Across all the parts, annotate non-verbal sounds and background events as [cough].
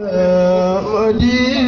Uh, é, what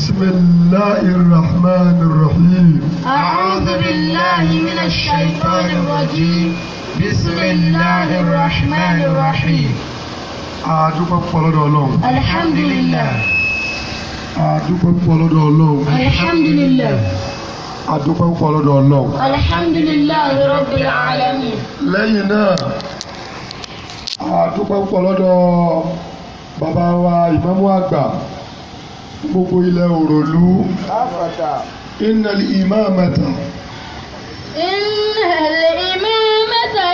بسم الله الرحمن الرحيم أعوذ بالله من الشيطان الرجيم بسم الله الرحمن الرحيم أدوك فلدو لون الحمد لله أدوك فلدو لون الحمد لله adúpẹ́ ń kọ́ lọ́dọ̀ ọlọ́run. alhamdulillahi rabbil alamin. lẹ́yìn náà adúpẹ́ ń kọ́ lọ́dọ̀ wa ìmáàmù àgbà gbogbo ilẹ̀ òròlú. innal imamata. innal imamata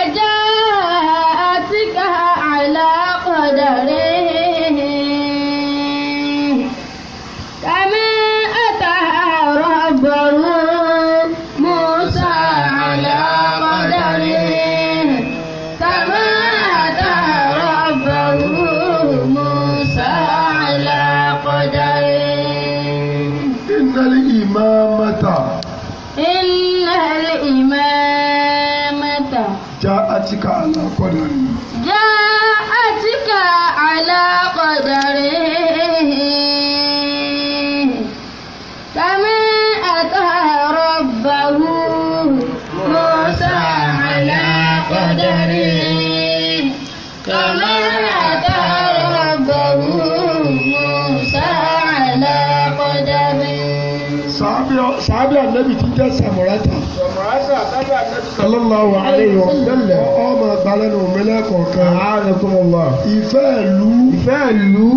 lẹ́nu mi lẹ́kọ̀ọ̀kan. ààrẹ̀kùn ọ̀la. ìfẹ́ ìlú. ìfẹ́ ìlú.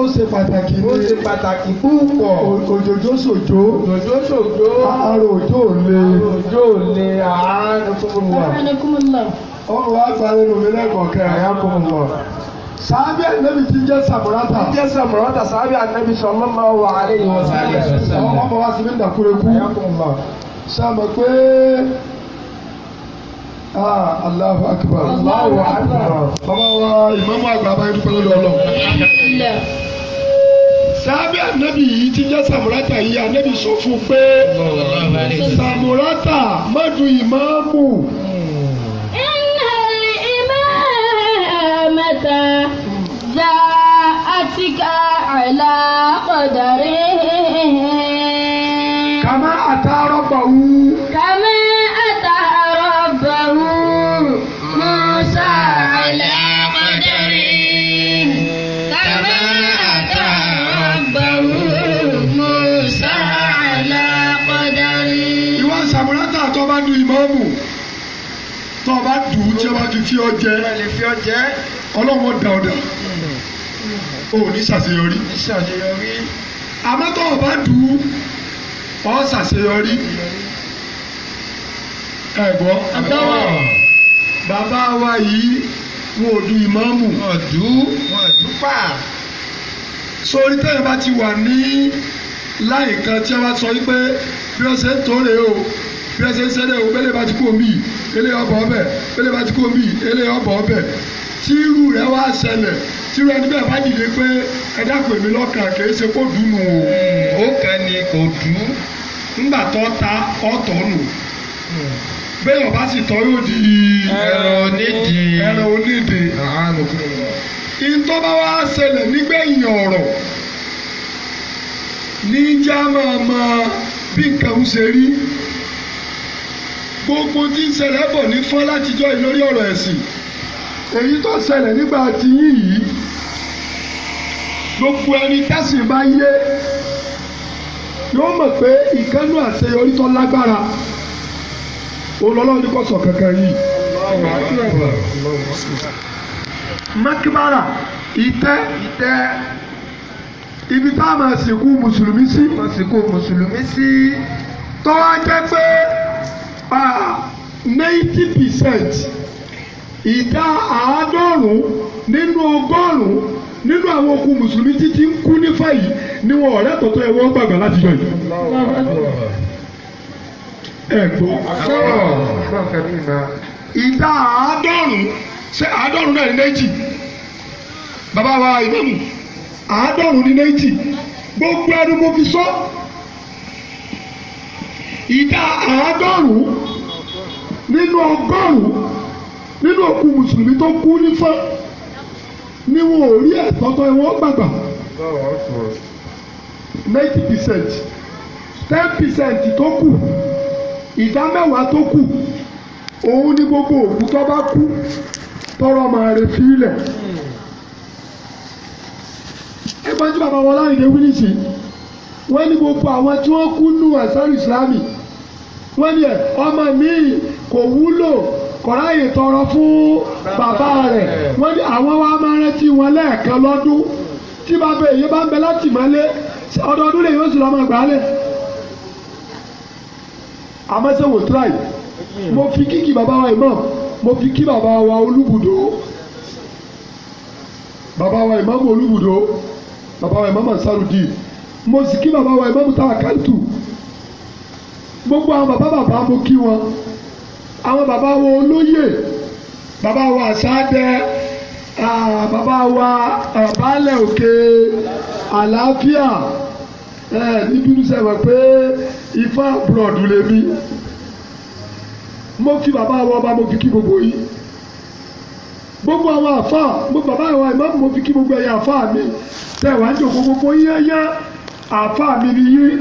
ó ṣe pàtàkì ní. ó ṣe pàtàkì púpọ̀. òjòjò sòjò. òjòjò sòjò. àárò òjò le. àárò òjò le. ààrẹ̀kùn ọ̀la. ààrẹ̀kùn ọ̀la. ọ̀rọ̀ wa gba lẹ́nu mi lẹ́kọ̀ọ̀kan. ààrẹ̀kùn ọ̀la sàbí ànábì ti jẹ sàmúrátà. ti jẹ sàmúrátà sàbí ànábì sallallahu alaihi wasallam. ọmọ bàbá sí mi dàkúrẹ́kú. Ah, Allahu akbar. Allahu akbar. Bàbá wa ìmáàmù àgbà bá yẹn pẹ́lú ọlọ. Sábẹ́ ànábì yìí ti jẹ́ Sàmúrátà yìí ànábì sọ fún un pé Sàmúrátà má du ìmáàmù. Ìnáli ìmáàmẹ́ta za'atika ala qadari. ti fi ọ jẹ ọlọ́wọ́ da ọ̀dà o ní ṣàṣeyọrí àmọ́ tó o bá dùn ọ́ ṣàṣeyọrí ẹ̀gbọ́ àtàwọn bàbá wa yìí wọn ò du ìmọ̀ọ́mù wọn dùn wọn dùn pa sórí tẹ́yìn bá ti wà ní láì kan tí wọ́n bá sọ wípé bí wọ́n ṣe ń tó rèé o bí wọ́n ṣe ń ṣe rèé o bẹ́lẹ̀ bá ti kú omi yìí ele ọbọ ọbẹ ele bá ti kó mi ele ọbọ ọbẹ tí irú rẹ̀ wá ṣẹlẹ̀ tí irú ẹni bẹ́ẹ̀ bá dìde pé ẹ dákun èmi lọ́kàn kì í ṣe kó dùnú o. ó kàn ní kò dùn nígbà tó ta ọ̀tọ̀ nù bẹ́ẹ̀ ọba sì tọ́ yóò di ẹran onídìí ẹran onídìí. ìtọ́ba wá ṣẹlẹ̀ nígbẹ̀yìn ọ̀rọ̀ ní jámọ́ ọmọ bí nǹkan ń ṣe rí gbogbo tí ń ṣẹlẹ̀ bọ̀ ní fọ́n látijọ́ yìí lórí ọ̀rọ̀ ẹ̀sìn èyí tó ṣẹlẹ̀ nígbà tí yín yìí gbogbo ẹni tẹ́sìn bá yé yóò mọ̀ pé ìkánú àṣeyọrí tó lágbára olọ́lọ́run ní kò sọ kankan yìí. makibara ìtẹ́ ìtẹ́ ibi tá a máa sìnkú mùsùlùmí sí. máa sìnkú mùsùlùmí sí. tọ́wọ́ jẹ́ pé. ninety percent ìdá àádọ́rùn-ún nínú ọgọ́rùn-ún nínú àwọn okùn mùsùlùmí títí ń kú nífà yìí ni wọn ọ̀rẹ́ tọ̀tọ̀ ẹ̀ wọ́n gbàgbà láti yọ yìí. ẹ gbọ́ ìdá àádọ́rùn-ún ṣé àádọ́rùn-ún náà ní méjì bàbá wa àádọ́rùn-ún ní méjì gbogbo mo fi sọ. ìdá àádọ́rùn-ún nínú ọgọ́rùn-ún nínú òkú mùsùlùmí tó kú nífọ́ ni wọn ò rí ẹ̀tọ́ tó wọ́n gbàgbà ninety percent ten percent tó kù ìdá mẹ́wàá tó kù òun ni gbogbo òkú tó bá kú tọrọ máa rè fílẹ̀ ẹgbẹ́ tí bàbá wọn láyé wí nìsín wọ́n ní gbogbo àwọn tí wọ́n kú nù ẹ̀sán ìsìlámì wọ́n ní ẹ̀ ọmọ mi kò wúlò kọ̀ráyè tọrọ fún bàbá rẹ̀ wọ́n ní àwọn wa máa rántí wọn lẹ́ẹ̀kan lọ́dún tí bàbá èyí bá ń bẹ láti mọ́lé ọdọọdún lè yóò sì lọ́mọ gbàálẹ̀ amẹ́sẹ̀wò tíráì mo fi kíkì bàbá wa imam mo fi kí bàbá wa olúbùdó bàbá wa imam olúbùdó bàbá wa imam ansarudin mo sì kí bàbá wa imam tawakaltu gbogbo àwọn bàbá bàbá mo kí wọn àwọn bàbá wo olóyè bàbá wa àṣàdẹ bàbá wa baálẹ̀ òkè àlàáfíà níbi ìlú sẹ́wọ̀n pé ifá búrọ̀dù lèmi mo kí bàbá wa ọba mo fi kí gbogbo yìí gbogbo àwọn àfa bàbá wa ìmáàmù mo fi kí gbogbo ẹ̀yà àfa mi tẹ̀ ń jò gbogbo yíyá àfa mi ni yín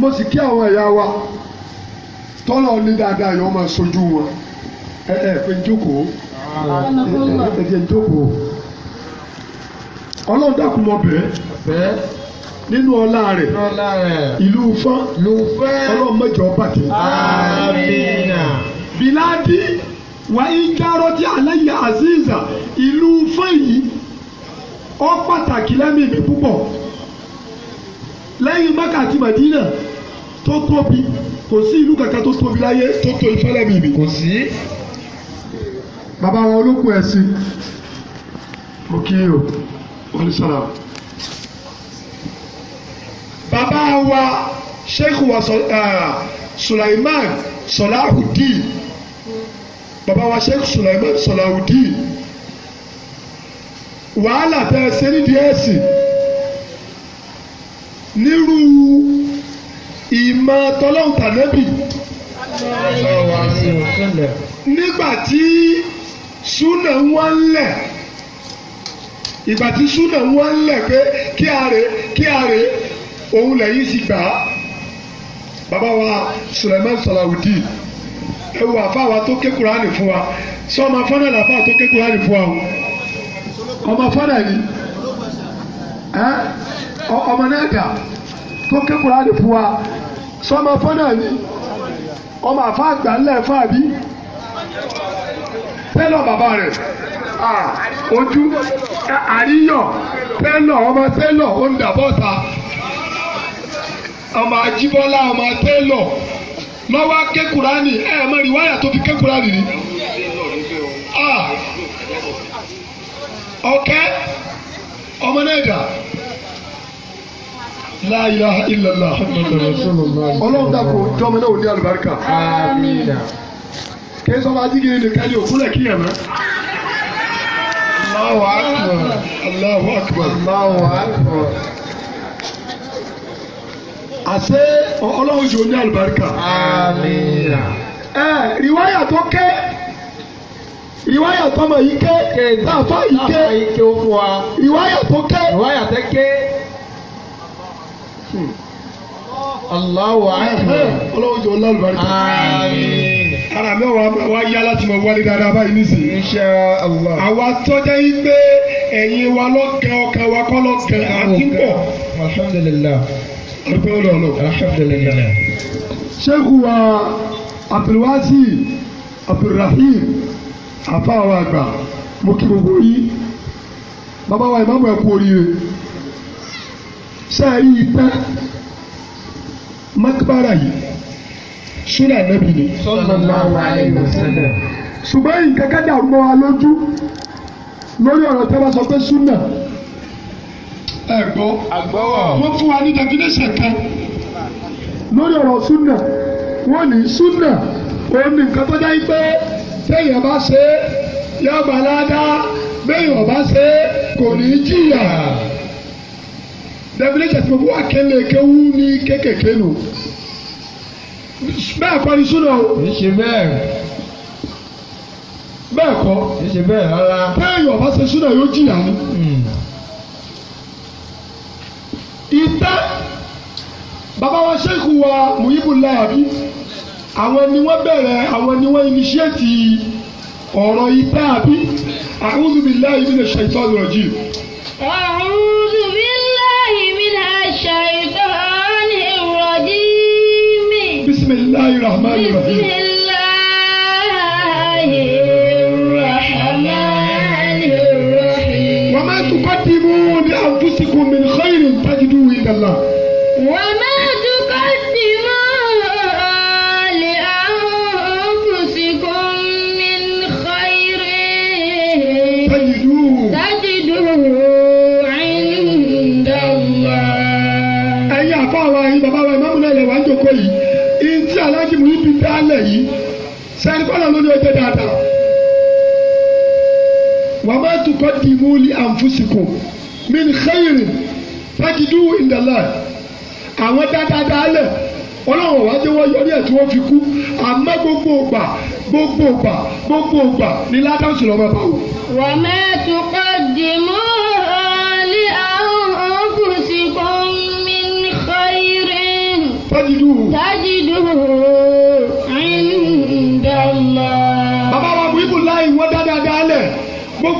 mo sì kí àwọn ẹ̀yà wa tọ́lọ̀ ní dáadáa yóò máa sojú wọn ẹ ẹ fẹ́ jókòó ẹ jẹ́ jókòó ọlọ́run dákun mọ́ bẹ́ẹ̀ nínú ọlá rẹ̀ ìlú fán ọlọ́run mẹ́jọ bàjẹ́ bíládì wà í járọ́ tí aláyà aziza ìlú fán yìí ó pàtàkì lẹ́mìí mi púpọ̀ lẹ́yìn Mẹ́kà àti Mẹdínà tó tóbi kò sí ìlú kankan tó tóbi láyé tó tó ìfẹ́lẹ́mì mi kò sí. bàbá wọn olókùn ẹ̀sìn mo kí o wọ́n ní sọ́la. bàbá wa sheikh wa Sulaiman Salahuddin bàbá wa sheikh Sulaiman Salahuddin wàhálà tẹ ẹ ṣe nídìí ẹ̀sìn nírú ìmọ̀ tọ́lọ́hùn tàbí nígbà tí súnà ń wá ń lẹ̀ ìgbà tí súnà ń wá ń lẹ̀ pé kí àrè kí àrè òun lẹ́yìn sì gbà á bàbá wa Suleiman Salawudi ẹ wo àfa wa tó ké Kùránì fún wa sọ ọmọ fọ́nà làfa tó ké Kùránì fún wa o ọmọ fọ́nà ni ọmọ náà dà tó ké Kùránì fún wa sọmọ fọ́nà ni ọmọ àfa àgbà ńlẹ̀ fún àbí tẹ́lọ̀ bàbá rẹ̀ ojú àríyàn tẹ́lọ̀ ọmọ tẹ́lọ̀ ó ń dàbọ̀ ta ọmọ Ajíbọ́lá ọmọ tẹ́lọ̀ lọ́wọ́ kékurani ẹ̀ mọ̀ rí wáyà tó fi kékurani rí ọ̀kẹ́ ọmọ náà dà. La ilaha illallah Muhammadur Rasulullah. ọlọ́run dàpọ̀ jọ́mọ náà ò ní àlùbáríkà. àmín. kí n sọ ma jígiri nìkan ní òkúlẹ̀ kí yẹn mọ́. Allahu akbar Allahu akbar Allahu akbar. àṣé ọlọ́run jù ú ní àlùbáríkà. àmín. ẹ rìwáyà tó kẹ́ riwaya tọmọ yìí ké tàfà yìí ké riwaya tó ké Allahu akbar. Ọlọ́run jọ lálùbáríkà. Àmín. Ara mi wà wá yá láti mọ wálé dáadáa báyìí nísìnyí. Insha Allah. Àwa tọ́jà yìí pé ẹ̀yin wa lọ́kàn ọkàn wa kọ́ lọ́kàn àtúbọ̀. Alhamdulillah. Ọpẹ́ olóòlò. Alhamdulillah. Ṣéèkù wa Abdulwasi Abdulrahim àfáà wa àgbà mo kí gbogbo yìí. Bàbá wa ìmáàmù ẹ̀ kú oríire sáàyí ipa makbara yìí súnà nàbì ni. sallallahu alaihi wasallam. ṣùgbọ́n nǹkan ká dàrú mọ́ wa lójú lórí ọ̀rọ̀ tí a bá sọ pé súnà ẹ gbọ́ wọ́n fún wa ní definition kan lórí ọ̀rọ̀ súnà wọ́n ní súnà òun ní nǹkan tó dáa pé téèyàn bá ṣe é yá balada béèyàn bá ṣe é kò ní í jìyà revelation ti mo fún wa kẹlẹ kéwú ní kékèké nù bẹ́ẹ̀ kọ́ ni súnà o. kì í ṣe bẹ́ẹ̀. bẹ́ẹ̀ kọ́. kì í ṣe bẹ́ẹ̀ rárá. téèyàn bá ṣe súnà yóò jìyà ni. Hmm. ìtẹ́ bàbá wa ṣéèkù wa Muhibullah àbí àwọn ni wọ́n bẹ̀rẹ̀ àwọn ni wọ́n initiate ọ̀rọ̀ ìtẹ́ àbí a'udhu billahi minash shaitanir rajim. الشيطان الرجيم بسم الله الرحمن الرحيم بسم الله الرحمن الرحيم وما تقدموا لأنفسكم من خير تجدوه عند الله tí mo yí fi dálẹ̀ yìí sẹ́ni kọ́nà ló ní ọjọ́ dáadáa wà má tukọ̀ dìmú li ànfúsìkò min khairin takidu indala àwọn dáadáa dálẹ̀ ọlọ́run wájú wọ́n yọrí ẹ̀ tí wọ́n fi kú àmọ́ gbogbo ògbà gbogbo ògbà gbogbo ògbà ni ládàá sì lọ́mọ báwò. wà á mẹ́tò kọ́ di mú ọ̀ọ́lì àwọn ní kọ́ irin. tajidu. tajidu.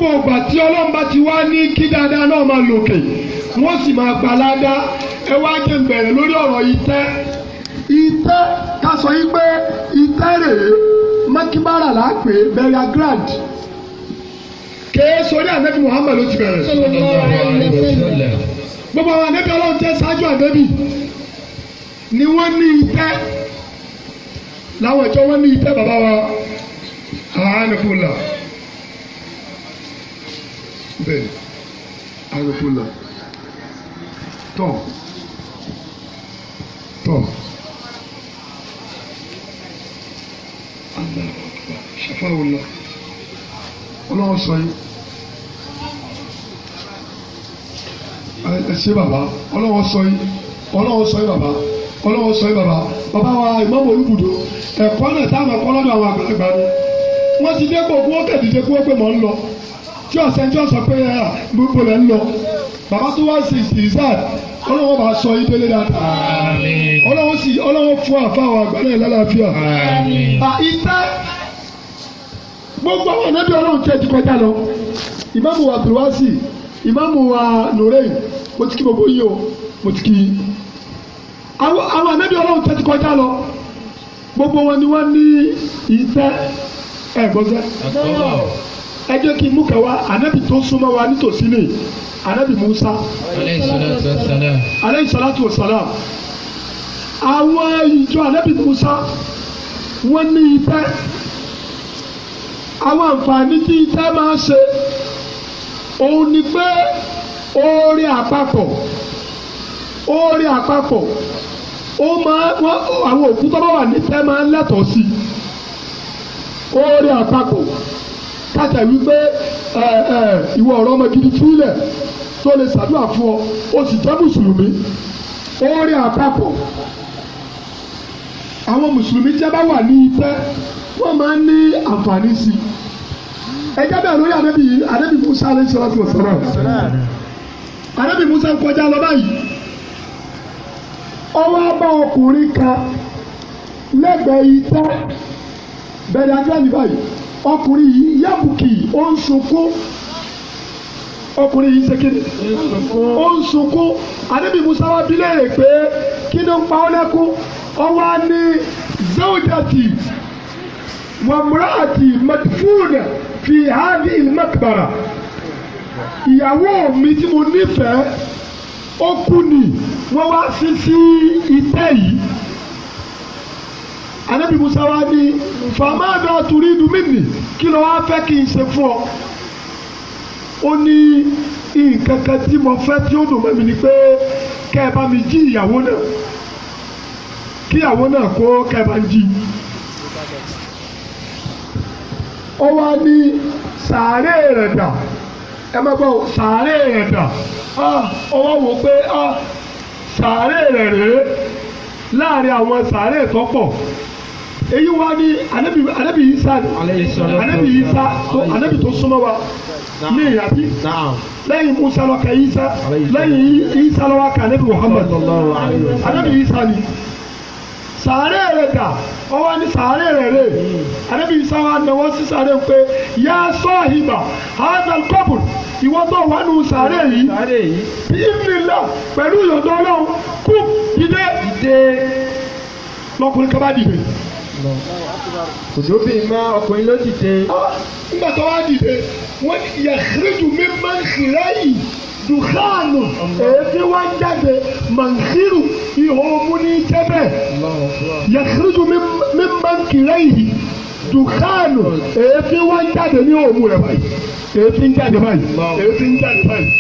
gbogbo ọgbà tí ọlọ́run bá ti wá ní kí dáadáa náà máa lòkè wọ́n sì máa gbà ẹ wá jẹ́ n bẹ̀rẹ̀ lórí ọ̀rọ̀ itẹ́ itẹ́ ká sọ yí pé ìtẹ́ rèé mọ́kíbára là á pè é burial ground kèé ló ti bẹ̀rẹ̀ gbogbo àwọn ọlọ́run ni wọ́n ní ìjọ bẹ́ẹ̀ arúgbó lọ tọ̀ tọ̀ ṣàfáwò lọ ọlọ́run sọ yìí ẹ ṣe bàbá ọlọ́run sọ yìí ọlọ́run sọ yìí bàbá ọlọ́run sọ yìí bàbá bàbá wa ìmọ̀mù olùbùdó ẹ̀kọ́ náà táwọn ẹ̀kọ́ lọ́dọ̀ àwọn àgbàlagbà ni wọ́n ti dé kó kó kẹ̀dídé kó pé mọ̀ ń lọ tí ọ̀sẹ̀ tí ọ̀sẹ̀ pé ẹ ah, gbogbo rẹ̀ ń lọ bàbá tó wá sí ìsìnzán ọlọ́wọ́ bá sọ ibele dáadáa ọlọ́wọ́ sì ọlọ́wọ́ fún àfáwọn àgbàlẹ̀ lálàáfíà àìtẹ́ gbogbo àwọn ẹ̀nẹ́bí ọlọ́run tẹ̀ ti kọjá lọ ìmáàmù wa Abdulwasi ìmáàmù wa Nurain mo ti kí gbogbo yìí o mo ti kí àwọn ẹ̀nẹ́bí ọlọ́run tẹ̀ ti kọjá lọ gbogbo wọn ni wọ́n ní ìtẹ́ ẹ̀ ẹ jẹ́ kí n mú kẹwàá anabi tó súnmọ́ wa nítòsí ni anabi Musa aleyhi salatu wa salam àwọn ìjọ anabi Musa wọ́n ní ìtẹ́ àwọn àǹfààní tí ìtẹ́ máa ń ṣe òun ni pé oore àpapọ̀ oore àpapọ̀ ó máa wọ́n àwọn òkú tó bá wà ní ìtẹ́ máa ń lẹ́tọ̀ọ́ sí oore àpapọ̀ kàtà wípé ìwọ ọ̀rọ̀ ọmọ gidi fílẹ̀ tó lè ṣàdúrà fún ọ o sì jẹ́ mùsùlùmí ó rí àpapọ̀ àwọn mùsùlùmí tí a bá wà ní ìtẹ́ wọ́n máa ń ní àǹfààní sí i ẹjẹ́ bẹ́ẹ̀ lórí ànábì ànábì Musa alayhi salatu wa salam ànábì Musa kọjá lọ báyìí ọwọ́ bá ọkùnrin kan lẹ́gbẹ̀ẹ́ ìtẹ́ bẹ̀rẹ̀ àjọ àmì báyìí ọkùnrin yìí yábùkì ó ń sunkún ọkùnrin yìí ṣe kíni ó ń sunkún àdébí musa wa bí léèrè pé kí ló ń pa ọ́ lẹ́kún ọwọ́ á ní wa mura'ati madfuna fi hadi ilmakbara ìyàwó mi tí mo nífẹ̀ẹ́ ó kú ni wọ́n wá sí sí ìtẹ́ yìí anabi musa wa ni famada turidu minni kí ló wá fẹ́ kí n ṣe fún ọ ó ní nǹkan kan tí mo fẹ́ tí ó dùn mọ́ mi ni pé kẹ́ ẹ bá mi jí ìyàwó náà kíyàwó náà kó kẹ́ ẹ bá ń jí ó wá ní sàárè rẹ̀ dà ẹ má gbọ́ sàárè rẹ̀ dà ó wá wò pé sàárè rẹ̀ rèé láàrin àwọn sàárè tó èyí wá ní anabi anabi isa anabi isa anabi tó súnmọ́ wa ní ìyàtí lẹ́yìn musa lọ ka isa lẹ́yìn isa lọ wa ka anabi muhammad anabi isa ni sàárè rẹ̀ dà ọwọ́ ní sàárè rẹ̀ rẹ̀ anabi isa wa náwó sí sàárè pé yá sọ́ọ̀hìbà hazel kọ́pù ìwọ tó wà nù sàárè yìí bí pẹ̀lú yọ̀dọ̀ ọlọ́run kú ìdè lọkùnrin kaba dìde òjò bíi má ọkùnrin ló dìde. nígbà tó wá dìde wọ́n ní yàtúrẹ́jù mi máa ń ṣìlẹ́ yìí dùkánù èéfín wá jáde mànkírù ihò ní jẹ́bẹ̀ yàtúrẹ́jù mi máa ń kìlẹ́ yìí dùkánù èéfín wá jáde ní òmù rẹ̀ báyìí èéfín jáde báyìí èéfín jáde báyìí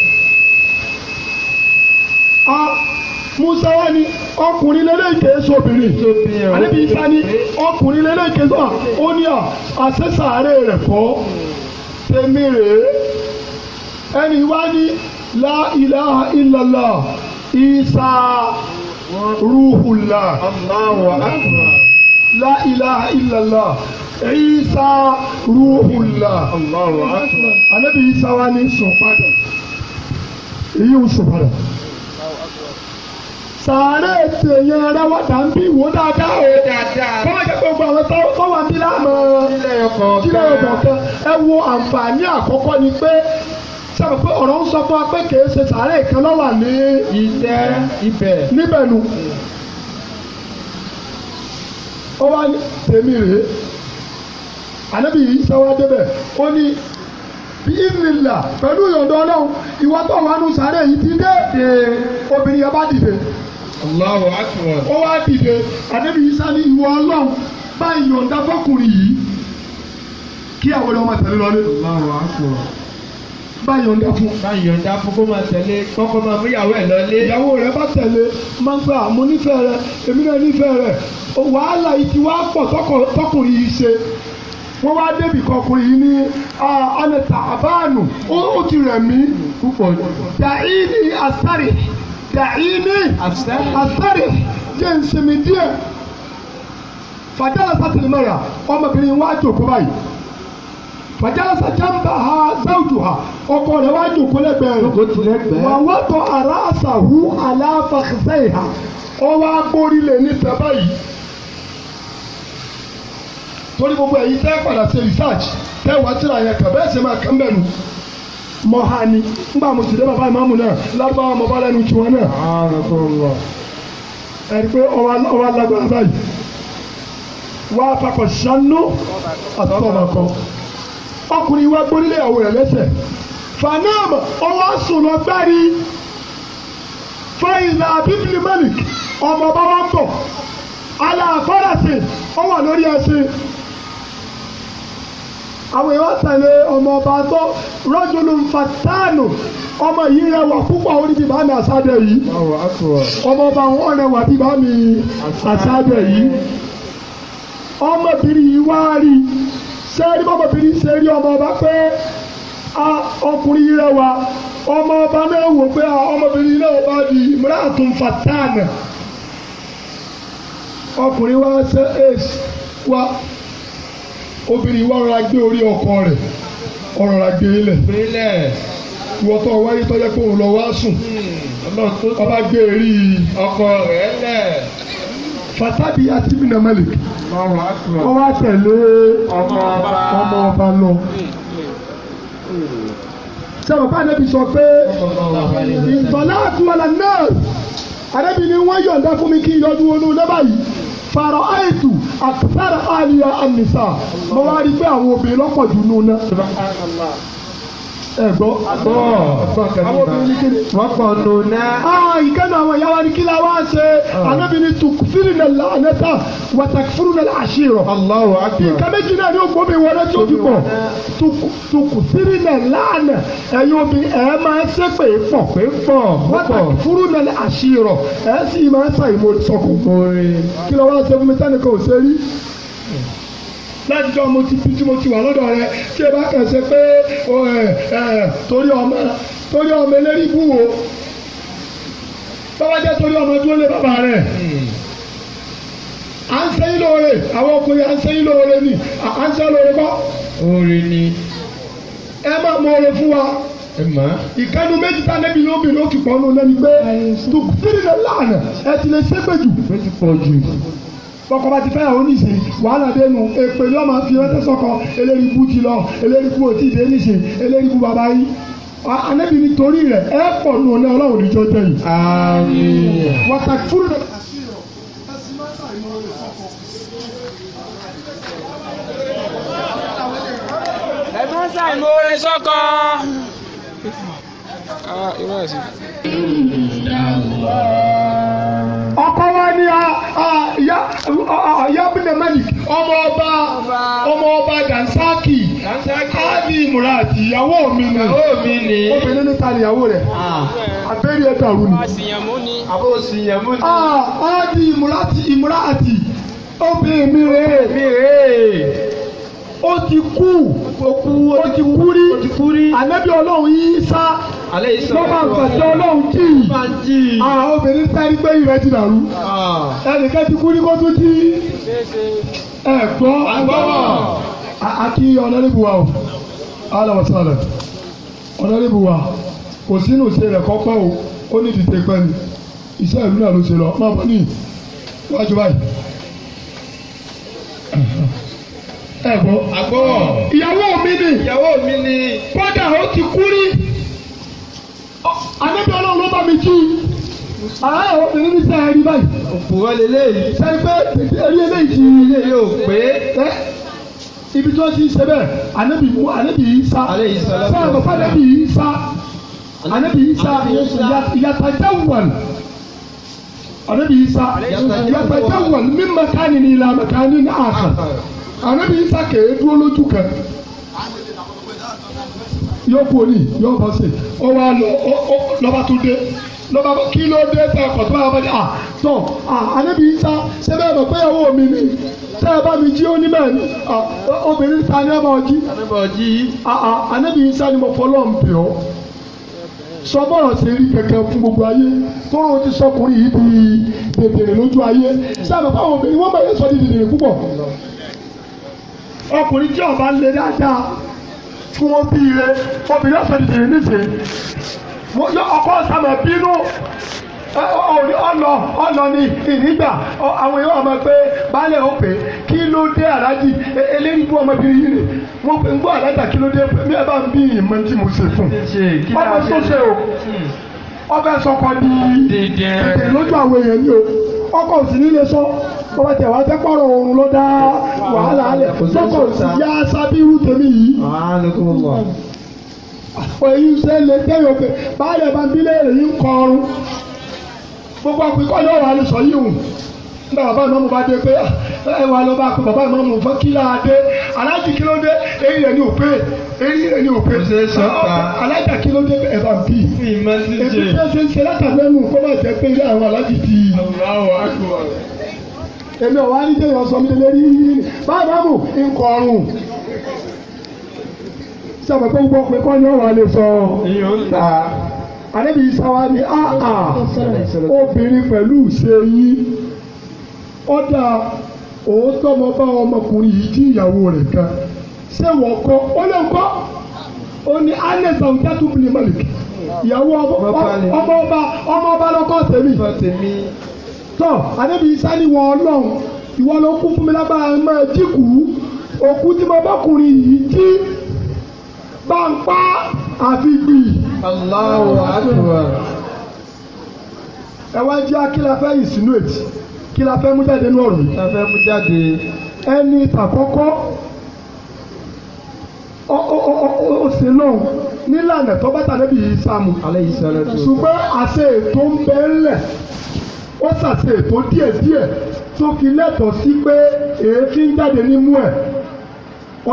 musa wa ni ọkùnrin lélẹ́kẹ̀ èso obìnrin àlebi isa ni ọkùnrin lélẹ́kẹ̀ èso ó ní à àṣẹṣàárẹ̀ rẹ̀ kọ́ tèmi rèé ẹni wá ní la ilaha illallah isa ruhula la ilaha illallah isa ruhula àlebi isa wa ni sọ padà èyí ń sọ padà sàárè tèèyàn rẹwàdà ń bí wò dáadáa o kọ́mọ jẹ́ gbogbo àwọn tó wà ní láàmú kílẹ̀ ọ̀kọ̀ọ̀kan ẹ wo àǹfààní àkọ́kọ́ ni pé sábà pé ọ̀rọ̀ ń sọ fún wa pé kìí ṣe sàárè kan lọ́wà ní ìtẹ́ ibẹ̀ níbẹ̀ nu ó wá tèmi rèé ànábì yìí sáwá débẹ̀ ó ní bí ìnìlà pẹ̀lú ìyọ̀dọ̀ ọlọ́run ìwọ tó wà nù sáré yìí ti dé obìnrin yẹn bá dìde. Allahu akbar. ó wá dìde àdébí isa ní ìwọ ọlọ́run bá ìyọ̀ǹda fọkùnrin yìí kí àwọn ọmọ tẹ̀lé lọlé. Allahu akbar bá yọ̀ǹda fún. bá yọ̀ǹda fún kó máa tẹ̀lé kọ́kọ́ máa mú ìyàwó ẹ̀ lọlé. ìyàwó rẹ bá tẹ̀lé máa ń gbà ah, mo nífẹ̀ẹ́ rẹ èmi náà nífẹ̀ẹ́ rẹ wàhálà yìí ti wá pọ̀ tọkùnrin yìí ṣe wọ́n wá débi kan ọkùnrin yìí ní ọ̀nà tàbáànù ó ti rẹ̀ mí púpọ̀ dàíní àsárì dàíní àsárì jẹ́ ìsinmi díẹ̀ fàjálà sátìlímọ̀rà ọmọbìnrin wa jòkó báyìí fàjálàsà jàmbá ha záwùjù ha ọkọ rẹ̀ wá jòkó lẹ́gbẹ̀ẹ́ wà wọ́tọ̀ àrà àṣà hu aláfàṣẹ́ ìhà ọwọ́ agbórí lè ní sábà yìí torí gbogbo ẹ̀yin tẹ́ padà ṣe research tẹ́ wá tíra yẹn kàn bẹ́ẹ̀ ṣe máa kàn bẹ́ẹ̀ nù mọ ha ni ngbà mo sì dé bàbá ìmáàmù náà lárúbáwá mo bá lẹ́nu tiwọn náà. ẹ̀rí pé ọwọ́ alágbára báyìí wá papọ̀ sánú àtọ́bàkọ. ọkùnrin wa gbórílẹ̀ ìyàwó rẹ̀ lẹ́sẹ̀ fanam ọwọ́ sùn lọ fẹ́yìnlá bíbélì malik ọmọ bàbá ń bọ̀ aláàfọ́rẹ́sì ọwọ́ lórí ẹsẹ̀. àwọn èèyàn tẹ̀lé ọmọ ọba tó rọ́jòlù fatanu ọmọ yìí rẹwà púpọ̀ orí bíbá mi àṣàdẹ̀ yìí ọmọ ọba wọn rẹwà bíbá mi àṣàdẹ̀ yìí ọmọbìnrin yìí wá rí sẹ́rí ọmọbìnrin ṣe ọmọ ọba pé ọkùnrin rẹwà ọmọ ọba náà wò pé ọmọbìnrin náà bá di mìíràn fatanu ọkùnrin wá ace wá. obìnrin wa rọra gbé orí ọkọ rẹ̀ ọ̀rọ̀ rà gbé lẹ̀ ìwọ tó wáyé tó yẹ kó o lọ wá sùn hmm. ọba gbé rí ọkọ rẹ̀ lẹ̀ fatabi atimina malik wọ́n wá tẹ̀lé ọmọ ọba lọ sábà bá anabi sọ pé ìtọ́lá àtúwọ̀lá náà anabi ni wọ́n yọ̀ǹda fún mi kí n olú lọ́ba yìí fàrọ̀ àìtù àti fẹ́rẹ̀ àlìyà ànìsà mo wá rí pé àwọn obìnrin lọ́pọ̀ jù nù náà ẹ gbọ́ àgbọ̀ àwọn obìnrin kí ni. wọ́n kọ́ nù náà. aa ah, ìkànnì àwọn ìyá wa ni kí la wá ṣe anábìnrin ah. tukfiri nà lánàtà wàtàkfuru nà àṣírọ. Allahu akbar. nǹkan méjì náà ni ó gbọ́ mi wọlé tó fi pọ̀ tukfiri nà lánà ẹ̀yin omi ẹ̀ máa ṣe pé pọ̀. pé pọ̀ wàtàkfuru nà àṣírọ ẹ̀ sì máa ṣàìmọ̀ sọkùn. kí la wá ṣe fún mi sani kò ṣe rí láti jọ mo ti bí tí mo ti wà lọ́dọ̀ rẹ tí ẹ bá kàn ṣe pé torí ọmọ torí ọmọ eléyìí bù o bàbá jẹ́ torí ọmọ dúró lé bàbá rẹ̀ à ń sẹ́yìn lóore àwọn ọkùnrin à ń sẹ́yìn lóore ni à ń sẹ́yìn lóore kọ́. oore ni. ẹ máa mọ oore fún wa ìkànnì méjì tá níbi ló bìnrin ó kì pọ́nú lẹ́nu pé tùkúrì lẹ́nu lánàá ẹ ti lè ṣépè jù. méjì pọ̀ jù tọkọ bá ti fẹ́ yàwó nísìn wàhálà dénú èpè ni wọ́n máa fi rẹ́tẹ́ sọ́kọ eléyìí bú ti lọ eléyìí bú òtí dé nísìn eléyìí bú bàbá yìí anabi nítorí rẹ̀ ẹ pọ̀ nù ọ̀nà ọlọ́run níjọ́ jẹ́ yìí. àmín. wàtàkì fún mi. ẹ má sọ́kọ. Ah, ọkọ wa ni a ya ya bínú malik ọmọ ọba ọmọ ọba dansaki adi murati ìyàwó mi ni obìnrin níta ni ìyàwó rẹ ah. abẹ́rẹ́ ẹ̀dá òru ni adi murati ìmúrati obìnrin mi rè ó ti kú ó ti kú rí ànábì ọlọ́run Ìsá ló máa gbàtẹ́ ọlọ́run jì àwọn obìnrin sáré gbé ìrẹ́ ti dàrú ah. ẹnìkan ti kú rí kó tún jí ẹ̀gbọ́n àti ọ̀nàdìbò wa o alàmọ̀sálẹ̀ ọ̀nàdìbò wa kò sínú ìṣe rẹ̀ kọ́pẹ́ o ó ní ìdìtẹ̀ pẹ́ ni iṣẹ́ ìlú náà ló ṣe lọ máa bọ́ ní iwájú báyìí ẹ̀bọ. àgbọ̀. ìyàwó mi ni. ìyàwó mi ni. kódà ó ti kú rí. anábìá ọlọ́run ló bá mi jí àá obìnrin ní sẹ́yìn rí báyìí. òpùwọ́ lélẹ́yìí. sẹ́yìn pé eré eléyìí ti rí ilé yóò pé. ibi tí wọ́n ti ń ṣe bẹ́ẹ̀ anábì anábì Ìsá. sẹ́yìn bàbá anábì Ìsá. anábì Ìsá ìyàtàjẹ́ wọn. anábì Ìsá ìyàtàjẹ́ wọn mímọ̀ káàní ni ìlànà káàní ní àkàn ànábì Ìsá kèé dúró lójú kan yóò kú òní yóò bọ́ sí ọ wá lọ lọ́ba tó dé lọ́ba kí ló dé tẹ ọkọ̀ tó bá bá dé à tọ̀ à ànábì Ìsá ṣé bẹ́ẹ̀ mọ̀ pé ìyàwó mi ni tẹ́ ẹ bá mi jí ó ní bẹ́ẹ̀ ni obìnrin ta ni ẹ bá ọ jí ànábì Ìsá ni mo fọlọ́ ń bẹ̀ ọ́ sọmọràn ṣe rí kankan fún gbogbo ayé tóró ti sọkùnrin yìí di bèbèrè lójú ayé sábà fáwọn obìnrin wọn bẹ̀rẹ̀ sọ di bèbèrè púpọ̀ ọkùnrin tí ọba ń lé dáadáa tí wọ́n bí ire obìnrin ọ̀sẹ̀ ti tẹ̀lé níṣe ọkọ ọ̀sàmà bínú ọ̀nà ọ̀nà ni ìnígbà àwọn èèyàn ọmọ pé baálé ó pè é kí ló dé aláàjì e, eléyìí bú ọmọbìnrin yìí ni wọ́n pè ń gbọ́ aláàjà kí ló dé mi ẹ bá ń bí ìmọ̀ tí mo ṣe fún ọmọ tó ṣe o ọbẹ̀ sọkọ di dèdè lójú àwọn èèyàn ni o ọkọ òsì nílé sọ wọ́n bá tẹ̀ wá fẹ́ oorun ló dá wàhálà alẹ̀ sọ́kọ̀ yá sábírù tèmi yìí. ẹ̀yin ṣe lè tẹ̀yọ̀ pé báyọ̀ bá bílẹ̀ èyí ń kọrun gbogbo àpèkọ́ yóò wà ní yìí hù nígbà bàbá ìmọ̀mù bá dé pé ah, ẹ wà lọ́ba kó bàbá ìmọ̀mù fún kí dé aláàjì kí ló dé èyí rẹ̀ ní òpè èyí rẹ̀ ní òpè alájà kí ló dé ẹ bá bì í èyí tó ṣe ń ṣe látàlẹ́nu kó má jẹ́ pé ilé àwọn aláàjì ti èmi ò wá ní jẹ́ ìyọ̀sọ mi lé rí báàbáàbù nǹkan ọ̀run sábà pé gbọ́ pé kọ́ ni ọ̀rọ̀ lè sọ ta àdébí sáwa ni áà obìnrin pẹ̀lú ṣe yí ọ̀dà òótọ́ mọ bá ọmọkùnrin yìí jí ìyàwó rẹ̀ kan ṣé wọ́n kọ́ ó lè kọ́ ó ní alẹ́ sàwùjá tó bìnrin mọ̀lẹ́kì ìyàwó ọmọ ọba ọmọ ọba lọ́kọ́ tèmi tọ ànábì Ìsá ni wọ Ọlọ́run ìwọ ló kún fún mi lágbára máa jíkù òkú tí mo bọkùnrin yìí jí bá ń pa àfi gbì. Allahu Akbar. ẹ wá jẹ́ kí la fẹ́ insinuate kí la fẹ́ mú jáde ní ọ̀rùn. la fẹ́ mú jáde. ẹni tàkọ́kọ́ ó ṣe náà nílànà tó bá tà níbi yìí sáà mu. ṣùgbọ́n àṣẹ ètò ń bẹ́ẹ̀ lẹ̀ ó ṣàṣe ètò díẹ̀ díẹ̀ tó fi lẹ́tọ̀ọ́ sí pé èéfín jáde nímú ẹ̀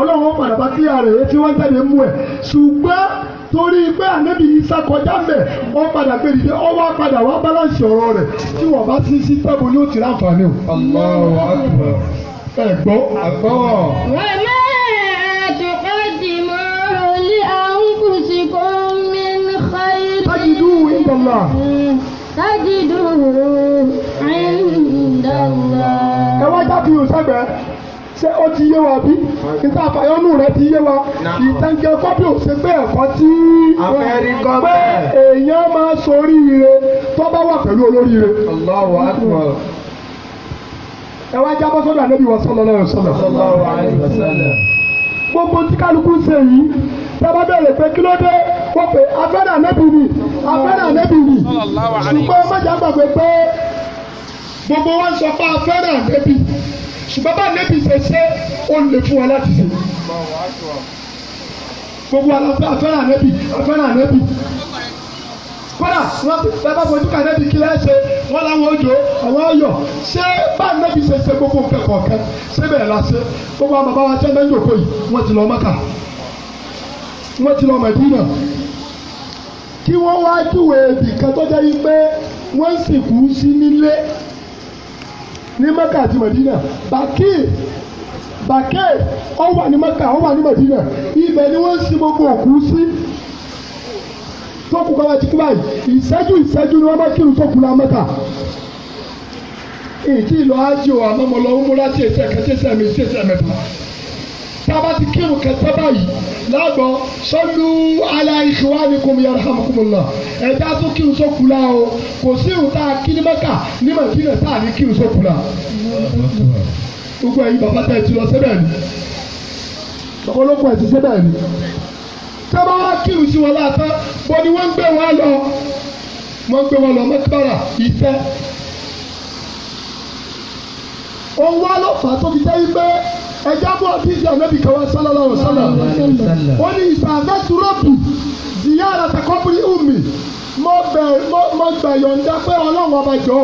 ọlọ́run ó padà bá kí ààrẹ èéfín wọ́n jáde nímú ẹ̀ ṣùgbọ́n torí pé ànábì Ìsá kọjá mẹ́ ọ padà gbé dìde ọ wá padà wá báláǹsì ọ̀rọ̀ rẹ̀ tí wọ́n bá sí sí pẹ́bù ni ó ti o. Allahu akbar ẹ tajiduhu inda ti yé wa bí níta àfàyọ́nù rẹ ti yé wa ìtànkẹ́ kọ́pì ò ṣe pé ẹ̀kọ́ tí pé èèyàn máa sórí ire tó bá wà pẹ̀lú ire. Allahu akbar. ẹ wá wa sallallahu alaihi wasallam gbogbo tí kálukú ṣe yìí tábà bẹ̀rẹ̀ pé kí ló dé wọ́n pé afẹ́rẹ́ ànẹ́bì ni afẹ́rẹ́ ànẹ́bì ni ṣùgbọ́n mọ̀jà gbàgbé pé gbogbo wọn sọ pé afẹ́rẹ́ ànẹ́bì ṣùgbọ́n bá ànẹ́bì ṣe ṣe ó lè fún wa láti ṣe gbogbo afẹ́rẹ́ ànẹ́bì afẹ́rẹ́ ànẹ́bì kọ́dà wọn bẹ́ẹ̀ bá fojú kan nẹ́bi kílẹ̀ ṣe wọn làwọn ojo àwọn ọyọ ṣé bá nẹ́bi ṣe ṣe gbogbo nǹkan kọ̀ọ̀kan ṣé bẹ́ẹ̀ la ṣe gbogbo àwọn bàbá wa ṣe lẹ́yìn òkò yìí wọ́n ti lọ Mẹ́kà wọ́n ti lọ Mẹ́dínà kí wọ́n wá júwe ibìkan tó jẹ́ yí pé wọ́n ń sìnkú sí nílé ní Mẹ́kà àti Mẹ́dínà bàkíì bàkíì ó wà ní Mẹ́kà ó wà ní Mẹ́dínà ibẹ̀ ni wọ́n ń gbogbo òkú sí tókù kan ti kú báyìí ìṣẹ́jú ìṣẹ́jú ni wọ́n bá kírun tókù la mẹ́ta. ìtì ìlọ ájì o àmọ́ mo lọ múra tí èsì ẹ̀kẹ́ tí èsì ẹ̀mí tí èsì ẹ̀mí bá. tá a bá ti kírun kẹtẹ báyìí lágbọ́ sọ́lú aláìṣíwánikum yarhamukumullah ẹ̀dá tó kírun tókù la o kò sí ìrùn tá a kí ní mẹ́ka ní màdínà tá a ní kírun tókù la. gbogbo ẹ̀yin bàbá tẹ̀ ti lọ sẹ́bẹ̀ ni ọ̀pọ̀lọpọ̀ ẹ̀ ti sẹ́bẹ̀ ni tẹ́ bá wá kírun sí bó ni wọ́n ń gbé wọn lọ wọ́n gbé wọn lọ mọ́tàrà ìtẹ́ òun wá lọ́fà tó fi jẹ́ wípé ẹja bọ̀ bí ìjà lẹ́bi kẹwàá sálọ́lá ọ̀ sálọ́ ó ní ìsàfẹ́ túrọ́pù ìyá rẹ̀ tẹ̀kọ́pìlì ùmì mo gbà yọ̀ǹda pé ọlọ́run ọba jọ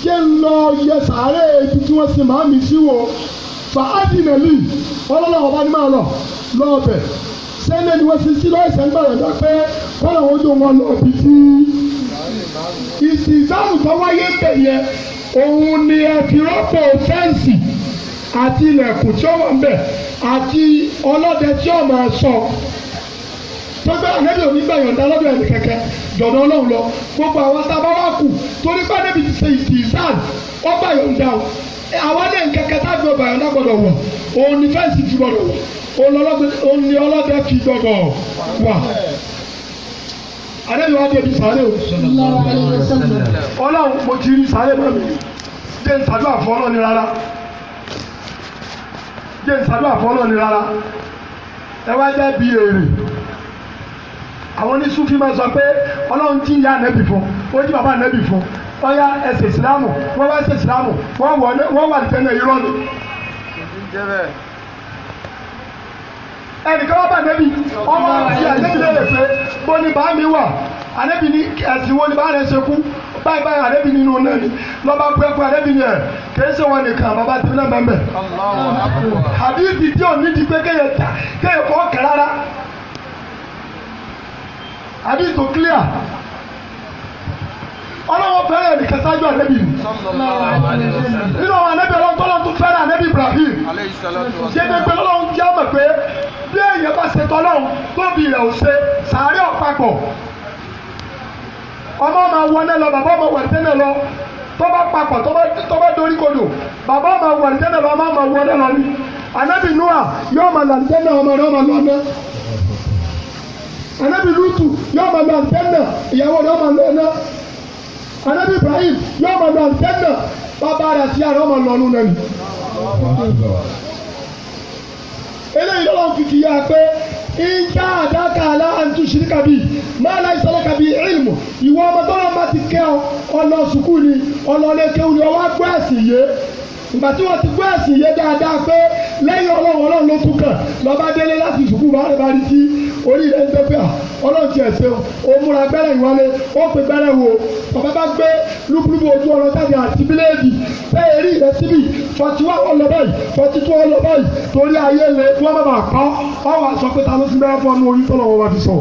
kí n lọ yẹ sàárè ibi tí wọ́n sin màmí sí wo fàádìmẹ̀lì ọlọ́run ọba ni máa lọ lọ́ọ̀bẹ̀ sẹ́lẹ̀ ni wọ́n ti sí lọ́ọ̀sẹ̀ ń pé kọ́nà wọn tó wọn lọ bí sí. ìsìsáàmù tó wáyé bẹ̀ ni ẹ fi rọ́pò fẹ́ǹsì àti ilẹ̀kùn tí ó wà ń bẹ̀ àti ọlọ́dẹ tí ó máa sọ tọ́gbẹ́ lọ́dọ̀ ẹ̀mí kẹ̀kẹ́ ọlọ́run gbogbo àwọn sábà wà kù torí pé ti ṣe o àwọn tá òní ọlọ́dẹ fi gbọ̀gbọ̀ wà. Adébí wa débi sáré o. Ọlọ́run mo ti rí sáré mọ́ mi. Jẹ́ ìsàdúrà fún ọlọ́ni rárá. Jẹ́ ìsàdúrà fún ọlọ́ni rárá. Ẹ wá jẹ́ bí èrè. Àwọn oníṣúfì máa sọ pé Ọlọ́run ti ń yá ànẹ́bì fún. Ó jí bàbá ànẹ́bì fún. Ọya ẹsẹ̀ ìsìlámù. Wọ́n wá ẹsẹ̀ ìsìlámù. Wọ́n wà ní tẹ́lẹ̀ irọ́ ni. Kò ní jẹ́ bẹ́ẹ̀ ẹnìkan wá bá nẹ́bí ọmọ àti ànẹ́bí lè fẹ́ bó bá mi wà ànẹ́bí ni ẹ̀sìn wo ni bá rẹ̀ ṣe kú báyìí báyìí ànẹ́bí nínú náà ni lọ́ba pẹ́ pẹ́ ànẹ́bí kìí ṣe wọn nìkan bàbá tèmi náà bẹ́ẹ̀ bẹ́ẹ̀. àbíyèsí ti pé kéèyàn ta kéèyàn kọ́ kẹ́ rárá àbí tó clear ọlọ́wọ́ fẹ́rẹ̀ nìkan ṣáájú ànẹ́bì mi nínú àwọn ànẹ́bì ọlọ́tọ́lọ́ tún fẹ́rẹ̀ ànẹ́bì Ibrahim jẹ́jẹ́ pé ọlọ́run jẹ́ ọmọ pé bí èèyàn bá ṣe tọ́lọ́run tóbi rẹ̀ ò ṣe sàárẹ̀ ọ̀pápọ̀ ọmọ máa wọlé lọ bàbá ọmọ wà tẹ́lẹ̀ lọ tó bá papọ̀ tó bá dorí kodò bàbá ọmọ wà tẹ́lẹ̀ lọ ọmọ máa wọlé lọ ní ànẹ́bì Noah yóò máa là tẹ́lẹ̀ ọmọ rẹ̀ ọmọ lọ́nà ànẹ́bì Lútù yóò máa là tẹ́lẹ̀ ìyàwó rẹ̀ ọmọ lọ́nà anabi ibrahim yóò máa lọ àǹtẹ́nà bàbá rẹ̀ àti àrẹ ọmọ lọ́nu náà ni. eléyìí lọ́wọ́ fi kìí yára pé ìjà àdáka àlá àǹtú ṣìríkàbí máa láì kabi. ìlmù ìwọ ọmọ tọ́lọ́ máa ti kẹ́ ọ ọlọ sùkúù ni ọlọ́ọ̀lẹ́kẹ́wù ni ọwọ́ gbọ́ ẹ̀sìn yé ìgbà tí wọ́n ti gbọ́ ẹ̀sìn yé dáadáa pé lẹ́yìn ọlọ́run ọlọ́run ló tún kàn lọ́ba délé láti sùkúù bá rẹ̀ bá rí sí orí rẹ̀ ń tẹ́pẹ́ à ọlọ́run ti ẹ̀sẹ̀ o múra gbẹ́rẹ́ ìwọlé ó pe gbẹ́rẹ́ wo bàbá bá gbé lúkúlùkù ojú ọ̀rọ̀ tàbí àti bíléèdì bẹ́ẹ̀ eré rẹ̀ síbi fọtí wà wọ́n lọ báyìí fọtí tó wọ́n lọ báyìí torí ayé lè kí wọ́n bàbà pa ọ́ wà sọ pé ta ló ti bẹ́ẹ̀ fọ́nú orí tọ́lọ̀ wọn bá fi sọ.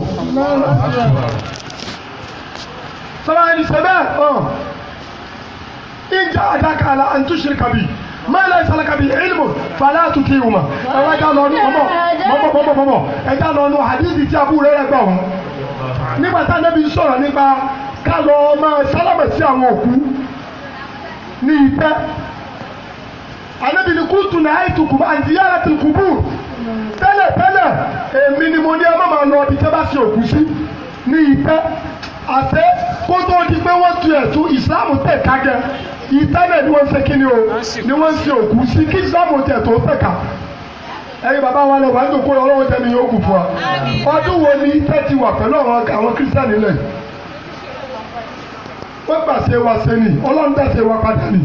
sọ́wọ́n ẹni sẹ́bẹ̀ ọ̀ ìjà àdàkàlà àǹtúṣe kàbí máa lọ ìsàlẹ̀ kàbí ìlmù fàlẹ́ àtúntì ìwùmọ̀ ẹ̀rọ ẹja lọ ní mọ́mọ́ mọ́mọ́ mọ́mọ́ mọ́mọ́ ẹja lọ ní hadithi tí Abu Hurairah gbà wọn. nígbà tá Ànábì sọ̀rọ̀ nípa ká lọ máa sálámà sí àwọn òkú ní ìtẹ́ Ànábì ní kúntù náà àìtùkù máa ń di yàrá tìkùbù tẹ́lẹ̀ tẹ́lẹ̀ èmi ni mo ní ẹ má máa lọ ibi tẹ́ bá fi òkú sí ní ìtẹ́ àṣẹ kó tó di pé wọ́n tu ẹ̀sùn ìsìláàmù tẹ̀ ká gẹ ìtẹ́lẹ̀ ni wọ́n ṣe kí ni o ni wọ́n ṣe òkú sí kí sáàmù tẹ̀ tó tẹ̀ka ẹ̀yin bàbá wa lẹ̀ wá ń dòkó ọlọ́run tẹ̀mí yóò kù fún wa ọdún wo ni tẹ́ ti wà pẹ̀lú àwọn kírísítẹ́nì lẹ̀ wọ́n gbà ṣe wa ṣe ni ọlọ́run tẹ̀ ṣe wa padà ni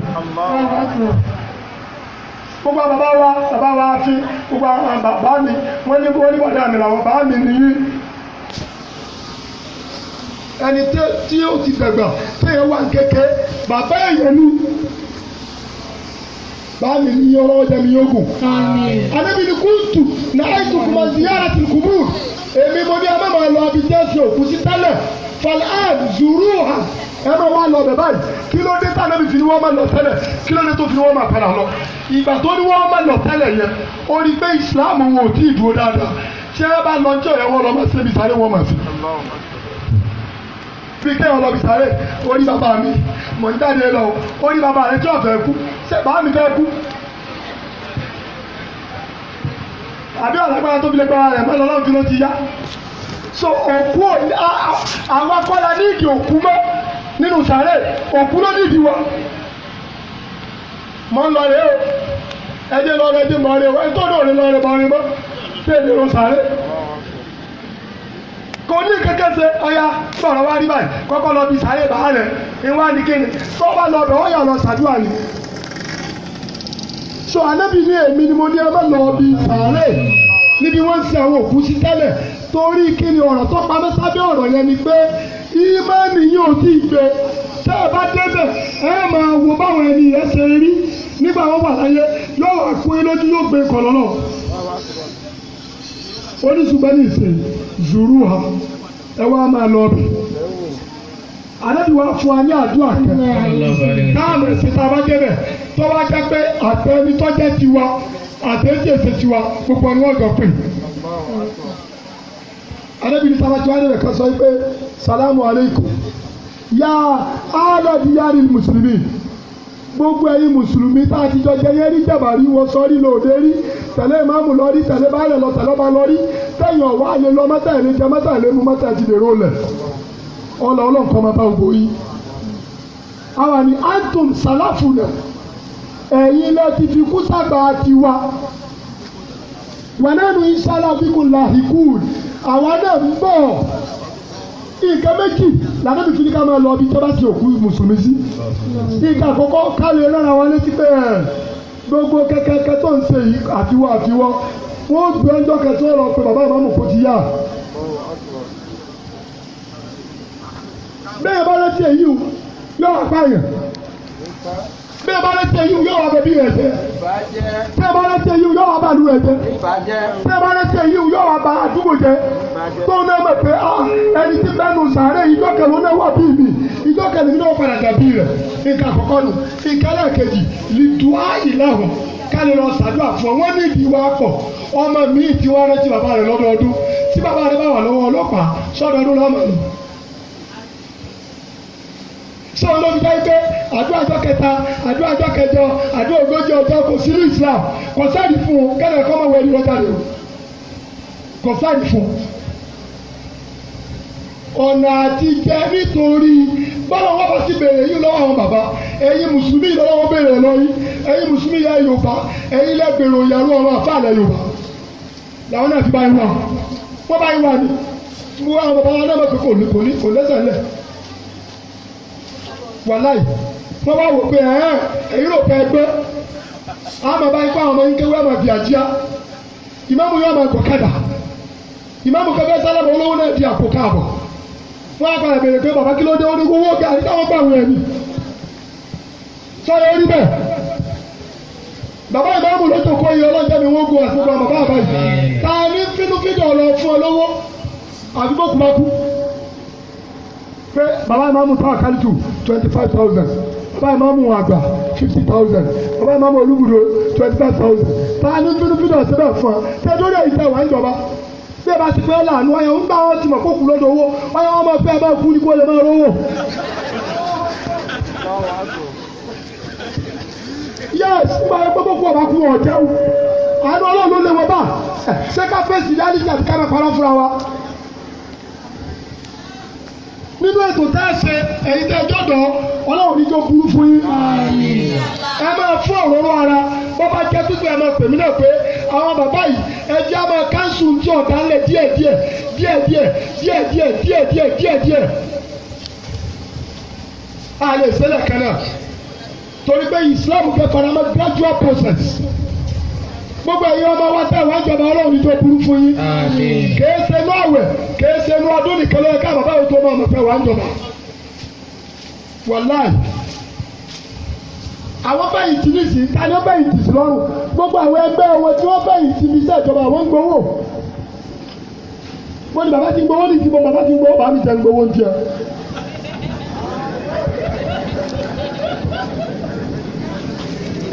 gbogbo bàbá wa bàbá wa fi gbogbo àwọn bàbá mi wọ́n ní wọ́n ní wàdà mi làwọn bàbá mi nìyí ẹni tí ó ti dàgbà téèyàn wà kéke bàbá èèyàn ni báàmì ni yọ ọlọ́wọ́ jẹ́mi yóò gùn. Adébí ni kúntù náà ètò kùmà ziyara ti kùmù. Èmi mo ní ẹ má máa lọ abidjan sí òkú sí tẹ́lẹ̀. Falẹ́ẹ̀d zuru ha. Ẹ máa wá lọ bẹ̀ báyìí. Kí ló dé tá ànábì fi ni wọ́n máa lọ tẹ́lẹ̀? Kí ló dé tó fi ni wọ́n máa padà lọ? Ìgbà tó ní wọ́n máa lọ tẹ́lẹ̀ yẹn, ó rí pé ìsìláàmù wọn ò tí ì dúró dáadáa. Ṣé ẹ bá lọ jọ ẹ̀ wọ́n lọ máa ṣe ibi sáré wọn máa fi? bí kéèyàn lọ bí sáré orí bàbá mi mọ̀ ń jáde lọ orí bàbá rẹ tí wọ́n fẹ́ kú ṣé bàbá mi fẹ́ kú. àbí àlágbára tó fi lè gbára rẹ̀ mọ́lẹ́ ọlọ́run tó ti yá. so òkú àwọn akọ́lá ní ìdí òkú mọ́ nínú sáré òkú ló ní ìdí wọn. mọ̀ ń lọ rẹ̀ o ẹjẹ lọ rẹ̀ ẹjẹ mọ̀ rẹ̀ o ẹjẹ tó dùn rẹ̀ lọ rẹ̀ mọ̀ rẹ̀ mọ́ kò ní kankan ṣe ọya sọ̀rọ̀ wá rí báyìí kọ́kọ́ lọ bí sàárè bàá rẹ̀ ìwà ni kéde tó lọ bẹ̀ wọ́n lọ sàdúrà ni. so anábì ní èmi ni mo ní ọmọ lọ bí sàárè níbi wọ́n ń sin àwọn òkú sí tẹ́lẹ̀ torí kí ni ọ̀rọ̀ tó pamẹ́ sábẹ́ ọ̀rọ̀ yẹn ni pé ìmọ̀ọ́nì yóò ti gbé tẹ́ ẹ bá débẹ̀ ẹ máa wo báwọn ẹni yẹn ṣe rí nígbà wọn wà láyé yóò wà pé lójú yóò gbé kọ̀lọ́lọ́ oníṣùgbọ́n ní ìsìn zuru ha ẹ wá máa lọ bì anabi wa fún wa ní àdúrà kan táàmù síta bá débẹ̀ tó bá jẹ́ pé àtẹnitọ́jẹ́ tiwa àtẹnitẹ́sẹ̀ tiwa gbogbo ni wọ́n jọ pè anabi ní sábà tí wọ́n débẹ̀ kan salamu alaykum ya aladi yari musulmi gbogbo ẹ̀yin mùsùlùmí tá a ti jọ jẹ yẹn rí jàmbá rí wọ sọ rí lòdè rí tẹ̀lé ìmáàmù lọ rí tẹ̀lé báyọ̀ lọ tẹ̀lé ọba lọ rí tẹ̀yìn ọ̀wá àlè lọ mọ́tà ìlé jẹ mọ́tà ìlé mu mọ́tà ti dèrò lẹ̀ ọlọ ọlọ́nkọ́ máa bá ògbó yìí. àwa ni antum salafu nà ẹ̀yin ti fi kú tiwa wọnẹ́nu inshallah bíkun làhìkùn àwa náà ń bọ̀ nǹkan méjì làbẹ́bí fi ní ká máa lọ ibi tí wọ́n bá ti òkú mùsùlùmí sí. nǹkan àkọ́kọ́ ká lè rárá wa létí pé gbogbo kẹ́kẹ́kẹ́ tó ń ṣe yìí àtiwọ́ àtiwọ́ wọ́n gbé ọjọ́ kẹtí ọ̀rọ̀ pé bàbá ìbámu kò ti yá. bẹ́ẹ̀ bá létí èyí yóò àpáyàn bẹ́ẹ̀ bá létí èyí yóò àbẹ̀bí rẹ̀ jẹ́ bẹ́ẹ̀ bá létí èyí yóò rẹ̀ jẹ́. tẹ́ ẹ bá rẹ̀ ṣe yíyù yóò wá ba àdúgbò jẹ́. tó ń náà pé ah, ẹni tí mẹ́nu sàárẹ̀ ìjọ kẹlẹ́ ó wà bíi mi ìjọ kẹlẹ́ mi náà padà dàbí rẹ̀ nǹkan àkọ́kọ́ nù ìkẹlẹ́ kejì lìdùá ìlàhùn kálí lọ sàdúrà fún wọn ní ìdí wa pọ̀ ọmọ mi ti wá rántí bàbá rẹ̀ lọ́dọọdún tí bàbá rẹ̀ bá wà lọ́wọ́ ọlọ́pàá sọ́dọọdún lọ́mọ sọ lóbi dájú pé àdúrà ọjọ́ kẹta àdúrà ọjọ́ kẹjọ àdúrà ogójì ọjọ́ kò sínú Islam kò sáàdì fún un kẹ́lẹ́ kọ́ mọ̀ wẹ̀ ní rọ́tà rẹ̀ o kò sáàdì fún un. ọ̀nà àtijẹ́ nítorí bọ́lá wọn bá ti bèrè yín lọ́wọ́ àwọn bàbá ẹ̀yin mùsùlùmí lọ́wọ́ wọn bèrè lọ́yìn ẹ̀yin mùsùlùmí yà Yorùbá ẹ̀yin lẹ́gbèrò ìyàrá ọ̀rọ̀ àfáàlẹ̀ Yorùbá làwọn náà ti bá yín wà wọ́n bá yín wà ní mo wá àwọn bàbá wọn náà bẹ̀ pé kò ní kò ní kò lẹ́sẹ̀ lẹ̀ wàláì wọ́n bá wò pé ẹ̀hẹ́n èyí rò pé ẹgbẹ́ àmọ́ báyìí pé àwọn ọmọ yín kéwé àmọ́ bìàjíà ìmáàmù yóò máa gọ̀ kádà ìmáàmù kẹfẹ́ sálábà olówó náà di àpò káàbọ̀ wọ́n á padà béèrè pé bàbá kí ló dé onígun owó ga àti táwọn gbàwé ẹ̀mí sọ́yọ́ rí bẹ́ẹ̀ bàbá ìmáàmù ló tó kó iye ọlọ́jà mi wọ́n gun àti gbogbo àmọ́ bàbá yìí ta ni fínúfínú ọ̀lọ́ fún ọ lówó àdúgbò kùmákù pé bàbá ìmáàmù tó àkálítù twenty five thousand bàbá ìmáàmù àgbà fifty thousand bàbá ìmáàmù olúbùdó twenty five thousand ta ni fídífídí ọ̀sẹ̀ bẹ́ẹ̀ fún ọ tẹ lórí èyí tẹ wà ń bí ẹ bá ti fẹ́ lànà ọyàn ń bá wọn ti mọ̀ kó kù lọ́dọ̀ owó ọyàn wọn máa fẹ́ bá kú ní kó lè máa rówó. yes nígbà yẹn gbogbo kú ọba kú ọ̀jẹ̀wò àánú ọlọ́run ló lè wọ bá ṣé ká fèsì dání àti nínú ètò tá a ṣe ẹ̀yin tẹ́ jọ́dọ̀ ọlọ́run níjọ́ burú fún yín. ẹ máa fún òróró ara bó bá jẹ́ pípẹ́ ẹ máa pèmí náà pé àwọn bàbá yìí ẹ á máa káńsù tí ọ̀dà ń lẹ̀ díẹ̀ díẹ̀ díẹ̀ díẹ̀ díẹ̀ díẹ̀ díẹ̀ díẹ̀ díẹ̀ díẹ̀. a lè kan náà torí pé Islam fẹ́ faramọ́ gradual process gbogbo ẹ̀yin ọmọ wa tẹ̀ wá jọba ọlọ́run ìjọ burú fún yín kèé ṣe inú àwẹ̀ kèé ṣe inú ọdún nìkan lóye ká bàbá òtó máa mọ̀ pé wà ń jọba wàláì àwọn bẹ́yìn tì ní sí ta ni wọ́n bẹ́yìn tì sí lọ́rùn gbogbo àwọn ẹgbẹ́ wọn tí wọ́n bẹ́yìn tì mí sí àwọn ń gbowó wọ́n ní bàbá ti gbowó ní ìdìbò bàbá ti gbowó bàbá mi jẹ́ ń gbowó ń jẹ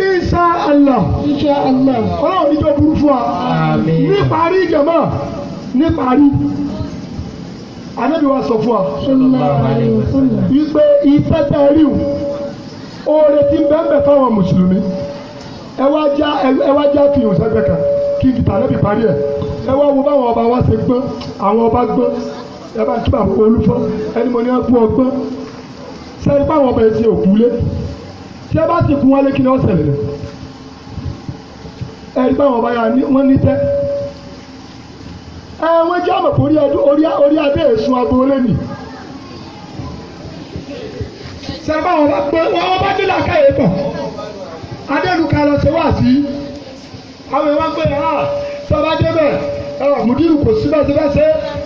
insha allah insha allah ọlọ́run níjọ́ burú fún wa níparí jẹ̀mọ́ níparí anabi wa sọ fún wa wípé ìfẹ́ tẹ́ ẹ rí o oore ti bẹ́ẹ̀ bẹ́ẹ̀ fáwọn mùsùlùmí ẹ wá já ẹ wá já fi hàn sẹ́gbẹ̀ẹ́ kan kí n tàbí parí ẹ̀ ẹ wá wo báwọn ọba wa ṣe gbọ́n àwọn ọba gbọ́n ẹ bá kí bàbá olúfọ́ ẹni mo ní ẹ bú ọgbọ́n sẹ́ni báwọn ọba yẹn ti òkú lé tí ẹ bá sì fún wálé kí ni ọ̀sẹ̀ lẹ̀ ẹ̀rí báwọn ọba yà wọ́n ní tẹ́ ẹ wọ́n jẹ́ àmọ̀ orí orí abẹ́ èso agboolé nì ṣe báwọn ọba pé wọ́n bá nílẹ̀ akáyè pọ̀ adélùkà lọ ṣe wá sí àwọn ìwọ́n pé ẹ sọba débẹ̀ ẹ mùdírù kò síbẹ̀ síbẹ̀ ṣe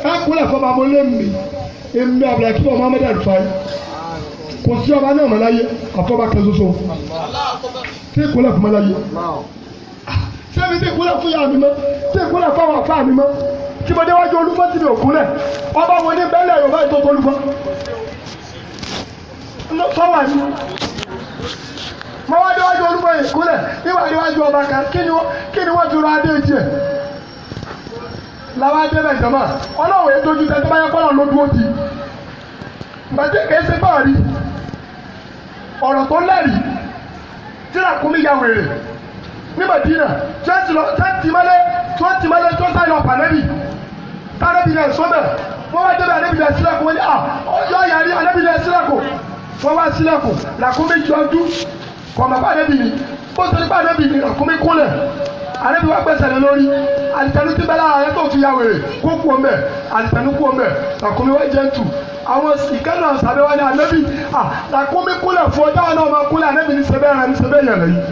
ẹ kúlẹ̀ fọmọ amúlé mi èmi abdulhakeem ọmọ amẹ́dẹ́rù fáyé kò sí ọba náà mọ̀láyé àfọba kan tí ìkúlẹ̀ fún mọ̀láyé sẹ́mi tí ìkúlẹ̀ fún yàrá mi mọ́ tí ìkúlẹ̀ fún àwọn afá mi mọ́ tí mo déwájú olúfọ́ ti mi ò kúlẹ̀ ọba wo ní bẹ́lẹ̀ yorùbá ètò olúfọ́ sọ́wọ́ àti mo wá déwájú olúfọ́ yìí kúlẹ̀ níwà déwájú ọba kan kí ni wọ́n ti rọ adé jẹ làwọn adé bẹ̀ jọ̀mọ́ ọlọ́wọ̀ ètò ojú tẹ́tẹ́ báyọ̀ kọ́lọ̀ ọ̀rọ̀ tó lẹ́rìí tí ràkúnmí ya wèrè ní Madina tí wọ́n ti lọ tí wọ́n ti mọ́lé tí wọ́n ti mọ́lé tí wọ́n sáyẹn ọ̀pá lẹ́bi tá lẹ́bi náà sọ́bẹ̀ wọ́n wá débi àlẹ́bi náà sílẹ̀kùn wọ́n ní à ah, yọ yàrá àlẹ́bi náà sílẹ̀kùn wọ́n wá sílẹ̀kùn ràkúnmí jọjú kọ̀mọ̀ bá àlẹ́bi ni bó ya wèrè kó kú ọmọ ẹ̀ àlìtẹ̀nu kú ọmọ àwọn ìkànnì àwọn sábẹ́ wa ni anabi à làkúnmí kúlẹ̀ fún ọjọ́ àwọn náà máa kúlẹ̀ anabi ní sẹ́bẹ̀ ẹ̀rọ ní sẹ́bẹ̀ ẹ̀yàn lẹ́yìn.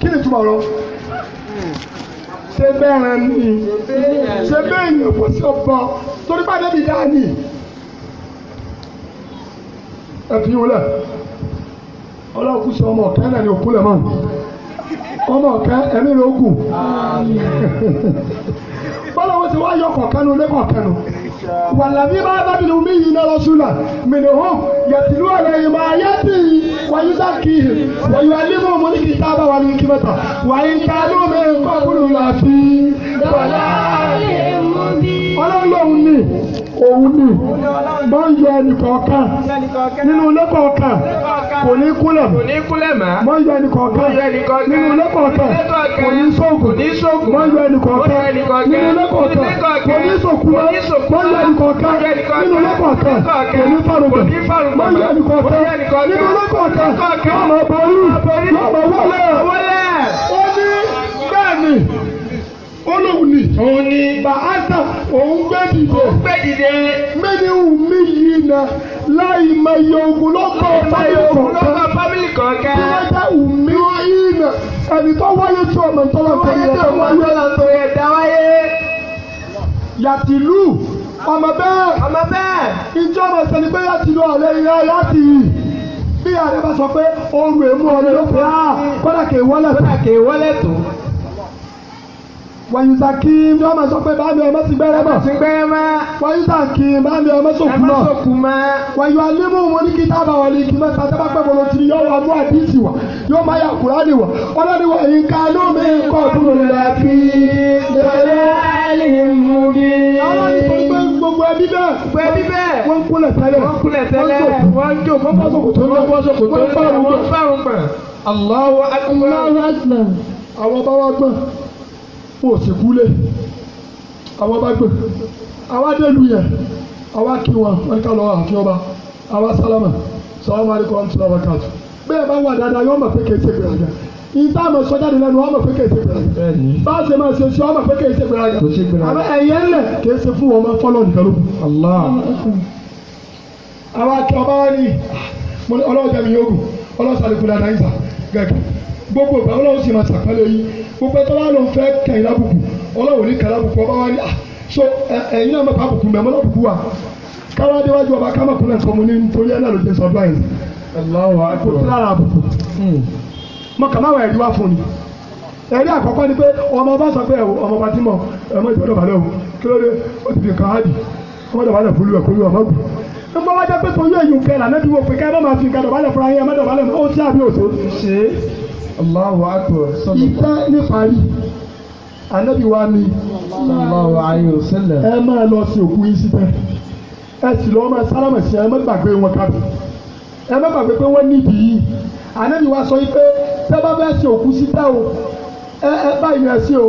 kí ni túmọ̀ rọ? sẹ́bẹ̀ ẹ̀rọ ni sẹ́bẹ̀ ẹ̀yàn kò sí ọ̀pọ̀ torí bá anabi dá ní. ẹ fi wọlé ọlọ́kù sọ ọmọ ọ̀kẹ́ náà ni òkú lẹ̀ mọ́ ọmọ ọ̀kẹ́ ẹ̀mí ló kù [laughs] bọ́lá wọn ti wá yọ kọ̀ọ̀kan lé kọ̀ọ̀kan wàlàbí bá dábìlì omi yìí náà lọ́sùnà yàtìlú àlẹ́ ìmọ̀ ayé ti wàyí sákì wàyí alímọ̀ mọ́ni kì í sábà wà ní kíbẹ̀tà wàyí nkàlù mi kọ́kùnrin làbí. dọ́là yìí mú ọlọ́run lòun ni òun ni bá ń yọ ẹnìkọ̀ọ̀kan nínú ilé kọ̀ọ̀kan kò ní kúlẹ̀ mọ́ bá ń yọ ẹnìkọ̀ọ̀kan nínú ilé kọ̀ọ̀kan kò ní sóògùn bá ń yọ ẹnìkọ̀ọ̀kan nínú ilé kọ̀ọ̀kan kò ní sòkúmọ́ bá ń yọ ẹnìkọ̀ọ̀kan nínú ilé kọ̀ọ̀kan kò ní farugbọ̀n bá ń yọ ẹnìkọ̀ọ̀kan nínú ilé kọ̀ọ̀kan yóò máa borí yóò máa wọlé olóhùn ni. òun ni. bàásà òun gbé dìde. òun gbé dìde. mẹ́ni wù mí yìí na láì máa yọ ogun lọ́kọ̀ báyìí kọ̀ọ̀kan. lọ́kọ̀ bábìlì kọ̀ọ̀kan. bàásà wù mí yìí na ẹni tó wáyé tó ọmọ ntọ́lá tó yẹ tó wáyé. tó yẹ dá wáyé. yàtìlú ọmọ bẹ́ẹ̀. ọmọ bẹ́ẹ̀. ìjọba ìsẹ̀ni pé yàtìlú ọ̀rẹ́ ìyá yàtì bí àrẹ bá sọ pé oorun èmu ọ̀rẹ́ ló pè kọ́dà kè wọlé tó. tó wàyùsà kí ni wọ́n máa sọ pé báàmì ọmọ sì gbẹ́rẹ́ bọ̀. sì gbẹ́rẹ́ mọ́. wàyùsà kí báàmì ọmọ sòkù náà. ẹ̀fọ́ sòkù mọ́. wàyù alimu wọn ní kí tábà wọlé kí mọ́ tàbí bá pẹ́ bọ̀lọ̀ tìrì yóò wà mú àdìsí wa yóò máa yà kúrò àdì wa ọlọ́ni wa yìí ká ló mi kọ́ dùn láti lọ́lẹ́ àlìmúbi. gbogbo ẹbí bẹ́ẹ̀. gbogbo ẹbí bẹ́ẹ̀. wọ́n kúnlẹ̀ tẹ́lẹ̀. wọ́n kúnlẹ̀ tẹ́lẹ̀. wọ́n jó wọ́n bọ́ sòkòtò wọ́n bọ́ sòkòtò wọ́n bá wọn gbọ́n. Allahu akbar. Allahu akbar. àwọn bá wọn gbọ́n fún òsìnkú lè àwọn bá gbè àwa délùú yẹn àwa kí wọn wọn ká lọ àfi ọba àwa sálámà sálámà àdìkọ àti sálámà káàtó bẹ́ẹ̀ bá wà dáadáa yóò mọ̀ pé kèé ṣe gbèrágà ìta àmọ̀ sọ́jà lẹ́nu ọmọ pé kèé ṣe gbèrágà bá a ṣe máa ṣe sí ọmọ pé kèé ṣe gbèrágà àmọ́ ẹ̀yẹ ńlẹ̀ kèé ṣe fún ọmọ fọlọ́ nìkan ló kù. àwa kí ọba wa ní ọlọ́ọ̀jà mi yóò gùn ọlọ́ọ̀sàlẹ̀kùn dáadáa gbogbo ìgbà ọlọ́run sì máa ṣàpẹ́lẹ̀ yín gbogbo ẹ̀tọ́ wa ló ń fẹ́ kẹ̀yìn lábùkù ọlọ́run ní kẹ̀yìn lábùkù ọba wa ní ah, so ẹ̀yin náà mẹ́fà àbùkù mẹ́mọ́ lábùkù wa káwá déwájú ọba ká mọ̀ kúnlẹ̀ sọmọ ní nítorí ẹ̀ náà ló jẹ́ sọ́dọ̀ àyìn kò tí lára àbùkù mọ hmm. kàmá wà ẹ̀rí wá fún ni ẹ̀rí àkọ́kọ́ ni pé ọmọ ọba sọ pé ẹ̀wọ̀ ọmọ ọba tí mọ̀ ẹ̀mọ ìgbọ́dọ̀ balẹ̀ o kí ló dé ó ti di nǹkan áàdì ọmọ dọ̀bálẹ̀ fúlú ẹ̀kọ́ yóò ọmọ gùn nígbà wájú pé tó yóò yùn kẹ́ lànà dúró pé ká ẹ má máa fi nǹkan dọ̀bálẹ̀ fúnra yín ẹ má dọ̀bálẹ̀ mọ́ ó sí àbí òṣèlú ṣe é. Allahu akbar sọlọ. ìtàn níparí anabi wa ni sallallahu alayhi wa sallam. ẹ máa lọ sí òkú yín síbẹ̀ ẹ sì lọ́ọ́ máa sálámà sí ẹ má gbàgbé wọn kábì ẹ má pé wọ́n níbi yìí anabi wa sọ pé tẹ́ bá fẹ́ sí òkú síta o ẹ ẹ báyìí ẹ sí o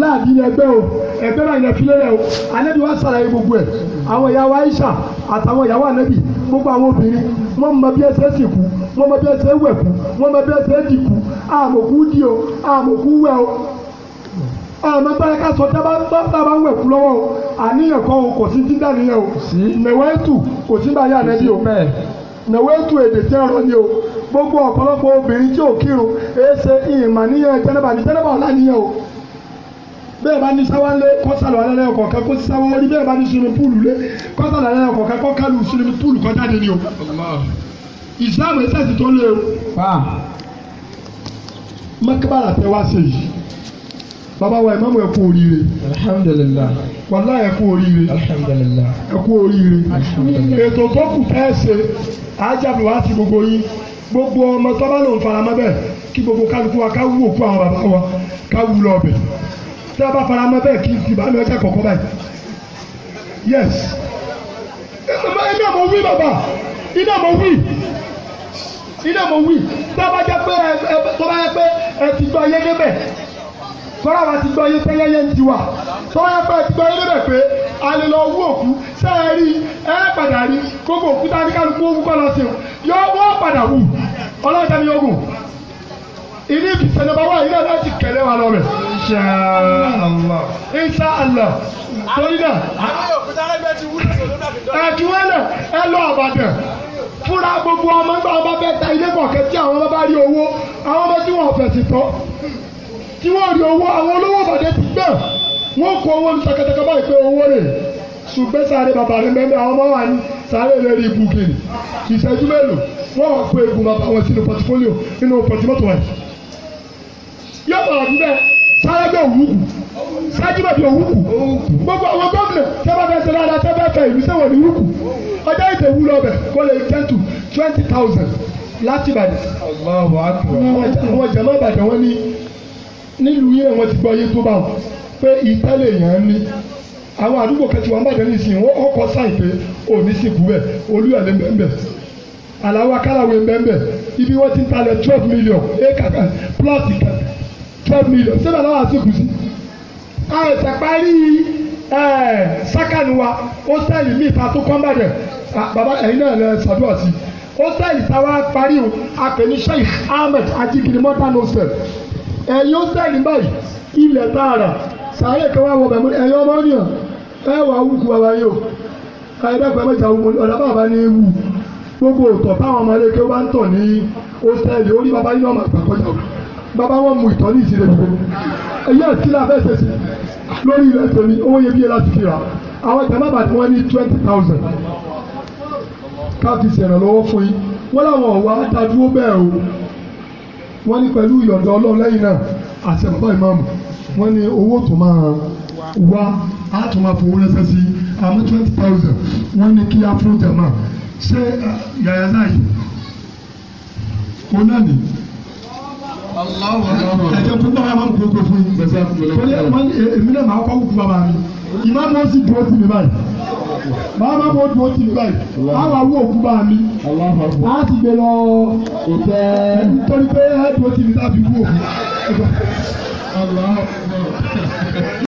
láàbí ni ẹgbẹ́ o ẹgbẹ́ náà yẹn fi lélẹ̀ o anabi wa sàlàyé gbogbo ẹ̀ àwọn ìyàwó Aisha àtàwọn ìyàwó anabi gbogbo àwọn obìnrin wọ́n mọ bí ẹsẹ̀ sì kú wọ́n mọ bí ẹsẹ̀ wẹ̀ kú wọ́n mọ bí ẹsẹ̀ dì kú àmọ̀kú dì o àmọ̀kú wẹ̀ o àmọ́ báyìí ká sọ dábàá dábàá ń wẹ̀ kú lọ́wọ́ o àníyàn kan o kò sí dídá nìyẹn o nẹ̀wẹ́tù kò sí báyà nẹ́bí o nẹ̀wẹ́tù èdè tẹ́ ọ̀rọ̀ ni o gbogbo ọ̀pọ̀lọpọ̀ obìnrin tí ò kírun èé ṣe ìmọ̀ níyẹn jẹ́nẹ́bà ní jẹ́nẹ́bà ọ̀la níyẹn o bẹ́ẹ̀ bá ní sáwá lé kọ́sàlù alẹ́ ọ̀kọ̀ọ̀kan kó sáwá orí bẹ́ẹ̀ bá ní swimming pool lé kọ́sàlù alẹ́ ọ̀kọ̀ọ̀kan kọ́ kálù swimming pool kọ́ jáde ni o. Islam ẹ̀sẹ̀sì tó lé o. mọ́kàbàlà tẹ wá sí yìí bàbá wa ìmáàmù ẹ kú oríire. alhamdulilah. wàlá ẹ kú oríire. alhamdulilah. ẹ kú oríire. alhamdulilah. ètò tó kù tẹ́ ẹ ṣe àjàbí wàá ti gbogbo yín gbogbo ọmọ tọ́ba ló ń faramọ́ bẹ́ẹ̀ kí gbogbo kálukú wa ká wú òkú àwọn bàbá wa ká wú bẹ́ẹ̀ tí a fara mọ́ bẹ́ẹ̀ kí n fi bàmí ọjà kọ̀ọ̀kan báyìí yes iná mo wí bàbá iná mo wí iná mo wí tó pé tó bá jẹ́ pé ẹ ti gbọ́ ayé débẹ̀ tọ́lá ti gbọ́ ayé tẹ́yẹ́yẹ́ ń tiwa tọ́lá wa ti gbọ́ ayé débẹ̀ pé a lọ wú òkú ṣé rí ẹ padà rí gbogbo òkúta ní kálukú owó kọ́ lọ sí o yọ wọ́n padà wù ọlọ́jà mi yóò gùn ìní ìfisẹ̀ nàbà wà yìí náà ti kẹ̀lé wa lọ́wọ́. insha allah. insha allah. torí náà. ẹ̀jú wọn náà ẹ lọ àbàdàn fúnra gbogbo ọmọ nígbà wọn bá fẹ́ ta ilé kọ̀ọ̀kẹ́ tí àwọn ọmọ bá rí owó àwọn ọmọ tí wọn ò fẹ̀sì tọ́ tí wọn rí owó àwọn olówó àbàdàn ti gbà wọn kó owó ní takataka báyìí pé owó rẹ̀ ṣùgbọ́n sáré bàbá rẹ̀ mẹ́mẹ́ àwọn ọmọ wa ní sáré rẹ̀ rí ibùgbé ìṣẹ́jú mélòó wọn kó egun bàbá wọn sínú pọtifólíò nínú pọtifólíò wọn yóò bọ̀rọ̀ síbẹ̀ sáyẹ́gbẹ́ òwúkù sájúbẹ̀bí òwúkù gbogbo àwọn gómìnà tẹ́fẹ́ fẹ́ ṣe dáadáa tẹ́fẹ́ fẹ́ ìlú sẹ́wọ̀n ní wúkù ọjọ́ ìdè wúlọ ọbẹ̀ kó lè jẹ́ tù twenty thousand láti Ìbàdàn. àwọn jàmá Ìbàdàn wọn ní nílùú yẹn wọn ti gbọ́ yé tó bá wọn pé ìtẹ́lẹ̀ yẹn ní àwọn àdúgbò kẹtì wọn Ìbàdàn ní ìsìn wọn ọkọ̀ sáì pé òní sì kú bẹ́ẹ̀ olúyọ̀lẹ̀ mẹ́mbẹ́ aláwa káláwe mẹ́mbẹ́ ibi wọn ti ń talẹ̀ twelve million acre plot kan twelve million síbẹ̀ lọ́wọ́ àtúkù sí. a ò tẹ̀ parí sákàánù wa hósẹ́ẹ̀lì míì ta tó kọ́ńbàdẹ̀ bàbá ẹ̀yin náà lẹ ṣàdúrà sí hósẹ́ẹ̀lì táwa parí o àpè Sheikh Ahmed Ajigiri modern hostel ẹ̀yin hósẹ́ẹ̀lì báyìí ilẹ̀ tààrà sàárè kan wà wọ bẹ̀mú ẹ̀yin ọmọ nìyàn ẹ wà wúkú wa yìí o ẹ̀ẹ́dẹ́gbẹ̀ẹ́ mẹ́ta ọ̀dà bàbá ní ewu gbogbo òtọ̀ táwọn ọmọ ilé kí wọ́n bá ń tọ̀ ní hósẹ́ẹ̀lì orí bàbá yìí náà mà o. Baba, wọn mú ìtọ́ ní ìsirẹ̀ gbogbo ẹ̀yẹ́ ìsílẹ̀ abẹ́sẹ̀ sí lórí ilẹ̀ tèmi owó yẹ bí yẹ láti fi rà àwọn jàmbá tí wọ́n ní twenty thousand káfí ṣèrànlọ́wọ́ fún yín wọ́n láwọn ọ̀wá dádúró bẹ́ẹ̀ o wọ́n ní pẹ̀lú ìyọ̀dọ̀ ọlọ́run lẹ́yìn náà àṣẹ̀bọ̀ ìmáàmù wọ́n ní owó tó máa wá á tó máa fowó rẹ́sẹ̀ sí àmọ́ twenty thousand wọ́n ní kí á fún jàmbá ṣé eh, yàyà náà yìí ó náà nìyí ẹ̀jẹ̀ fún bàbá máa ń kó kó fún yìí pẹ̀lú èmi náà máa kọ́ kó fún bàbá mi ìmá mọ́ sí dúró tì mí báyìí màá má bọ́ dúró tì mí báyìí á wà wú òkú bá mi á sì gbé lọ òtẹ́ nítorí pé dúró tì mí tàbí wú òkú.